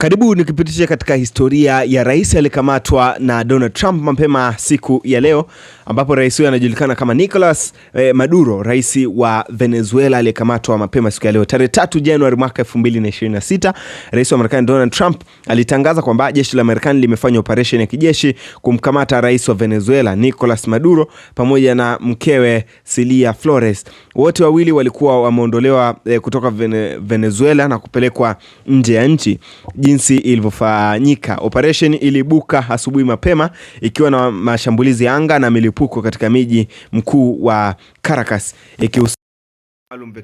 Karibu nikipitisha katika historia ya rais aliyekamatwa na Donald Trump mapema siku ya leo ambapo rais huyo anajulikana kama Nicolas eh, Maduro, rais wa Venezuela aliyekamatwa mapema siku ya leo tarehe 3 Januari mwaka 2026. Rais wa Marekani Donald Trump alitangaza kwamba jeshi la Marekani limefanya operesheni ya kijeshi kumkamata rais wa Venezuela Nicolas Maduro pamoja na mkewe Cilia Flores. Wote wawili walikuwa wameondolewa eh, kutoka Vene, Venezuela na kupelekwa nje ya nchi. Jinsi ilivyofanyika operesheni ilibuka asubuhi mapema ikiwa na mashambulizi ya anga na milipuko mlipuko katika miji mkuu wa Caracas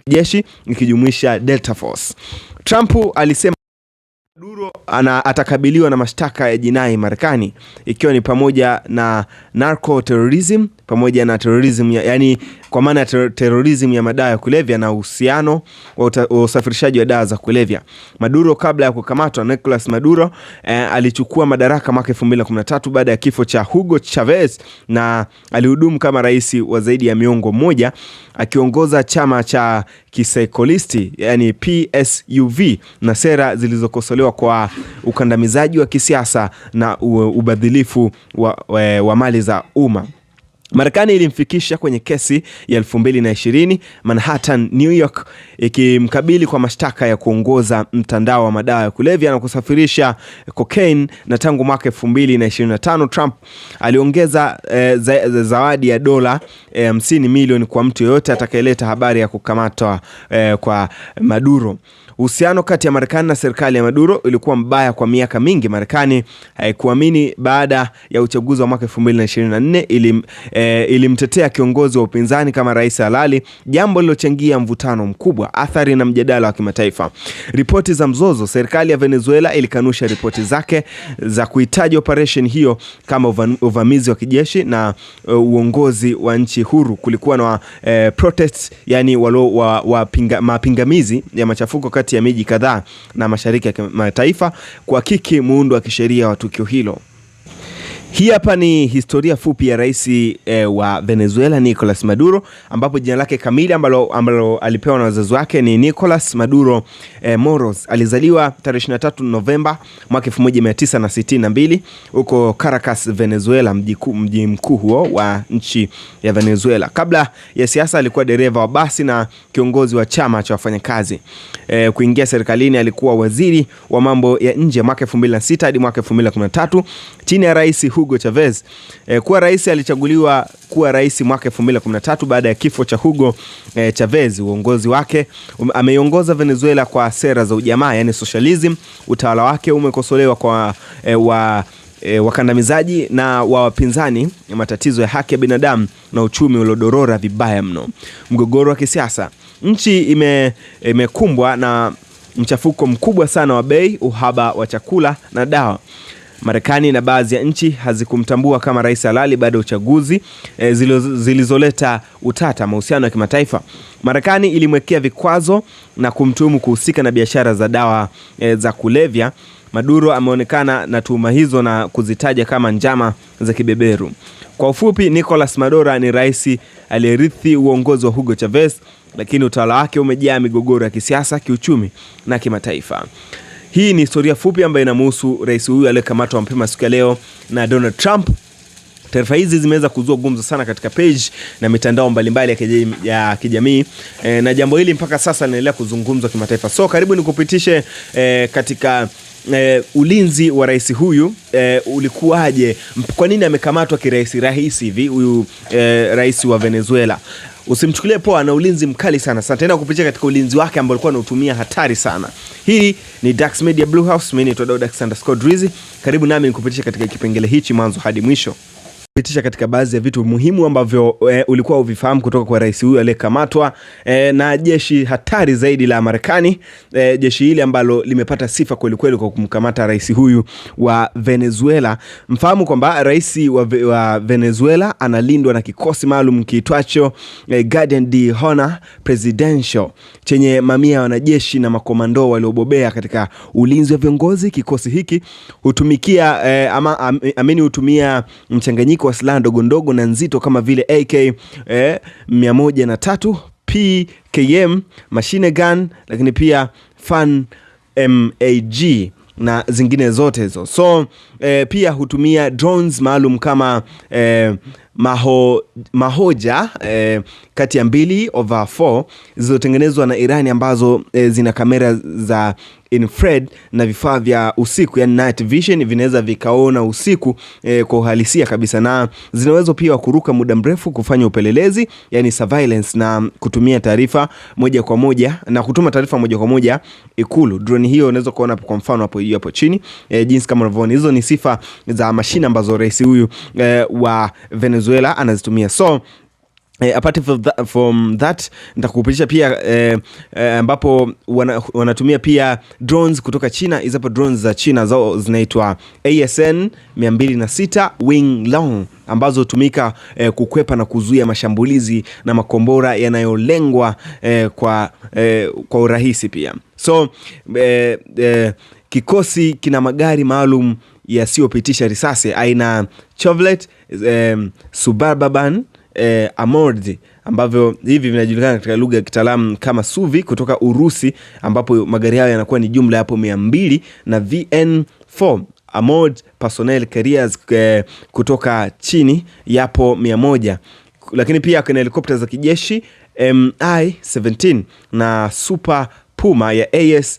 jeshi ikijumuisha Delta Force. Trump alisema Maduro ana atakabiliwa na mashtaka ya jinai Marekani ikiwa ni pamoja na narco terrorism pamoja na terrorism ya, yani kwa maana ya terorism ya madawa ya kulevya na uhusiano wa usafirishaji wa dawa za kulevya. Maduro kabla ya kukamatwa, Nicolas Maduro eh, alichukua madaraka mwaka 2013 baada ya kifo cha Hugo Chavez na alihudumu kama rais wa zaidi ya miongo moja akiongoza chama cha kisaikolisti yani PSUV na sera zilizokosolewa kwa ukandamizaji wa kisiasa na ubadhilifu wa, wa, eh, wa mali za umma. Marekani ilimfikisha kwenye kesi ya 2020 Manhattan, New York ikimkabili kwa mashtaka ya kuongoza mtandao wa madawa ya kulevya na kusafirisha cocaine, na tangu mwaka 2025 Trump aliongeza eh, zawadi ya dola 50 eh, milioni kwa mtu yeyote atakayeleta habari ya kukamatwa eh, kwa Maduro. Uhusiano kati ya Marekani na serikali ya Maduro ulikuwa mbaya kwa miaka mingi. Marekani haikuamini eh, baada ya uchaguzi wa mwaka 2024 ili e, ilimtetea kiongozi wa upinzani kama rais halali, jambo lilochangia mvutano mkubwa, athari na mjadala wa kimataifa. Ripoti za mzozo, serikali ya Venezuela ilikanusha ripoti zake za kuhitaji operesheni hiyo kama uvamizi wa kijeshi na eh, uongozi wa nchi huru. Kulikuwa na e, protests, yani walo wa, wa pinga, mapingamizi ya machafuko kati ya miji kadhaa na mashariki ya kimataifa kuhakiki muundo wa kisheria wa tukio hilo. Hii hapa ni historia fupi ya rais eh, wa Venezuela Nicolas Maduro, ambapo jina lake kamili ambalo, ambalo alipewa na wazazi wake ni Nicolas Maduro eh, Moros. Alizaliwa tarehe 23 Novemba mwaka 1962 huko Caracas, Venezuela, mji mkuu huo wa nchi ya Venezuela. Kabla ya siasa alikuwa dereva wa basi na kiongozi wa chama cha wafanyakazi. Eh, kuingia serikalini alikuwa waziri wa mambo ya nje mwaka 2006 hadi mwaka 2013 chini ya rais Hugo Chavez e, kuwa rais. Alichaguliwa kuwa rais mwaka 2013 baada ya kifo cha Hugo e, Chavez. Uongozi wake um, ameiongoza Venezuela kwa sera za ujamaa, yani socialism. Utawala wake umekosolewa kwa e, wa E, wakandamizaji na wa wapinzani, matatizo ya haki ya binadamu na uchumi uliodorora vibaya mno, mgogoro wa kisiasa. Nchi imekumbwa ime na mchafuko mkubwa sana wa bei, uhaba wa chakula na dawa. Marekani na baadhi ya nchi hazikumtambua kama rais halali baada ya uchaguzi e, zilizoleta utata mahusiano ya kimataifa. Marekani ilimwekea vikwazo na kumtuhumu kuhusika na biashara za dawa e, za kulevya. Maduro ameonekana na tuhuma hizo na kuzitaja kama njama za kibeberu. Kwa ufupi, Nicolas Maduro ni rais aliyerithi uongozi wa Hugo Chavez, lakini utawala wake umejaa migogoro ya kisiasa, kiuchumi na kimataifa. Hii ni historia fupi ambayo inamhusu rais huyu aliyekamatwa mapema siku ya leo na Donald Trump. Taarifa hizi zimeweza kuzua gumzo sana katika page na mitandao mbalimbali ya kijamii, ya kijamii. E, na jambo hili mpaka sasa linaendelea kuzungumzwa kimataifa. So karibu nikupitishe e, katika e, ulinzi wa rais huyu e, ulikuwaje? Kwa nini amekamatwa kirahisi rahisi hivi huyu e, rais wa Venezuela? usimchukulie poa, ana ulinzi mkali sana sana, tena kupitia katika ulinzi wake ambao alikuwa anautumia hatari sana. Hii ni Dax Media Blue House, mimi ni Dax_Drizzy, karibu nami nikupitisha katika kipengele hichi mwanzo hadi mwisho pitisha katika baadhi ya vitu muhimu ambavyo e, ulikuwa uvifahamu kutoka kwa rais huyu aliyekamatwa e, na jeshi hatari zaidi la Marekani e, jeshi hili ambalo limepata sifa kwelikweli kwa kumkamata rais huyu wa Venezuela. Mfahamu kwamba rais wa, wa Venezuela analindwa na kikosi maalum kiitwacho e, Guardian de Honor Presidential chenye mamia ya wanajeshi na makomando waliobobea katika ulinzi wa viongozi. Kikosi hiki hutumikia e, ama, amini hutumia mchanganyiko kwa silaha ndogo ndogo na nzito kama vile AK eh, 103 PKM, machine gun, lakini pia fan MAG na zingine zote hizo. So eh, pia hutumia drones maalum kama eh, maho, mahoja eh, kati ya mbili over 4 zilizotengenezwa na Irani ambazo eh, zina kamera za infrared na vifaa vya usiku, yani night vision, vinaweza vikaona usiku e, kwa uhalisia kabisa, na zinaweza pia kuruka muda mrefu kufanya upelelezi, yani surveillance, na kutumia taarifa moja kwa moja na kutuma taarifa moja kwa moja Ikulu. Drone hiyo unaweza kuona kwa mfano hapo hiyo hapo chini e, jinsi kama unavyoona, hizo ni sifa za mashine ambazo rais huyu e, wa Venezuela anazitumia so E, apart from that, from that nitakupitisha pia eh, eh, ambapo e, e, wana, wanatumia pia drones kutoka China. Hizo hapo drones za China zao zinaitwa ASN 206 Wing Long ambazo hutumika e, kukwepa na kuzuia mashambulizi na makombora yanayolengwa e, kwa, e, kwa urahisi pia. So e, e, kikosi kina magari maalum yasiyopitisha risasi aina Chevrolet e, Suburban eh, amordi ambavyo hivi vinajulikana katika lugha ya kitaalamu kama suvi kutoka Urusi, ambapo magari hayo yanakuwa ni jumla yapo mia mbili na VN4 Amord personel Carriers eh, kutoka chini yapo mia moja lakini pia kuna helikopta za kijeshi MI17 na Super Puma ya AS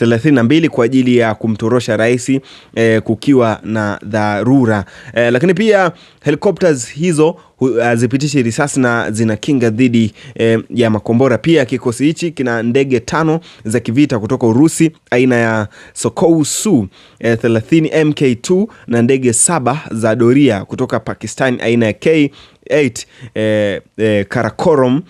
32 kwa ajili ya kumtorosha rais eh, kukiwa na dharura eh, lakini pia helicopters hizo eh, hazipitishi risasi na zina kinga dhidi eh, ya makombora. Pia kikosi hichi kina ndege tano za kivita kutoka Urusi aina ya Sukhoi Su eh, 30 MK2 na ndege saba za doria kutoka Pakistan aina ya K 8 eh, eh, Karakorum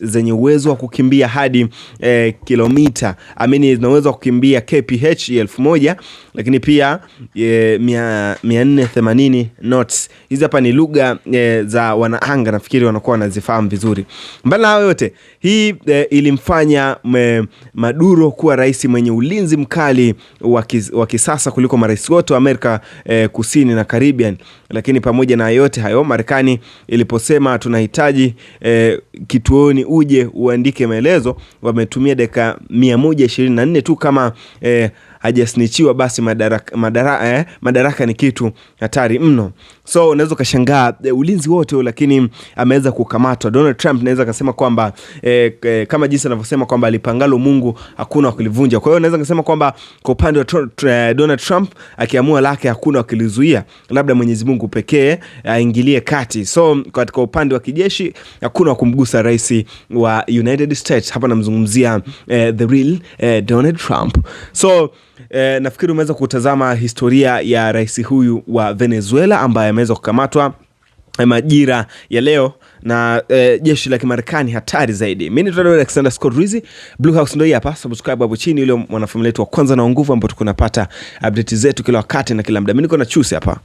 zenye uwezo wa kukimbia hadi eh, kilomita amini zinaweza kukimbia kph elfu moja lakini pia e, mia, mia nne themanini notes. Hizi hapa ni lugha e, za wanaanga, nafikiri wanakuwa wanazifahamu vizuri. Mbali na hayo yote, hii e, ilimfanya me, Maduro kuwa rais mwenye ulinzi mkali wa kisasa kuliko marais wote wa Amerika e, Kusini na Caribbean. Lakini pamoja na yote hayo, Marekani iliposema tunahitaji e, kituoni uje uandike maelezo, wametumia dakika nne tu kama e, hajasnichiwa basi madaraka, madaraka, eh, madaraka ni kitu hatari mno. So unaweza ukashangaa eh, ulinzi wote lakini ameweza kukamatwa. Donald Trump naweza akasema kwamba eh, eh, kama jinsi anavyosema kwamba alipangalo Mungu hakuna wakilivunja. Kwa hiyo naweza kusema kwamba kwa upande wa eh, Donald Trump akiamua lake hakuna wakilizuia, labda Mwenyezi Mungu pekee eh, aingilie kati. So katika upande wa kijeshi hakuna wa kumgusa rais wa United States. Hapa namzungumzia eh, the real eh, Donald Trump so E, nafikiri umeweza kutazama historia ya rais huyu wa Venezuela ambaye ameweza kukamatwa eh, majira ya leo na e, jeshi la Kimarekani hatari zaidi. Mimi ni Alexander Scott Ruiz, Blue House ndio hapa, subscribe hapo chini, yule mwanafamilia wetu wa kwanza na nguvu, ambao tunapata update zetu kila wakati na kila muda. Mimi niko na chusi hapa.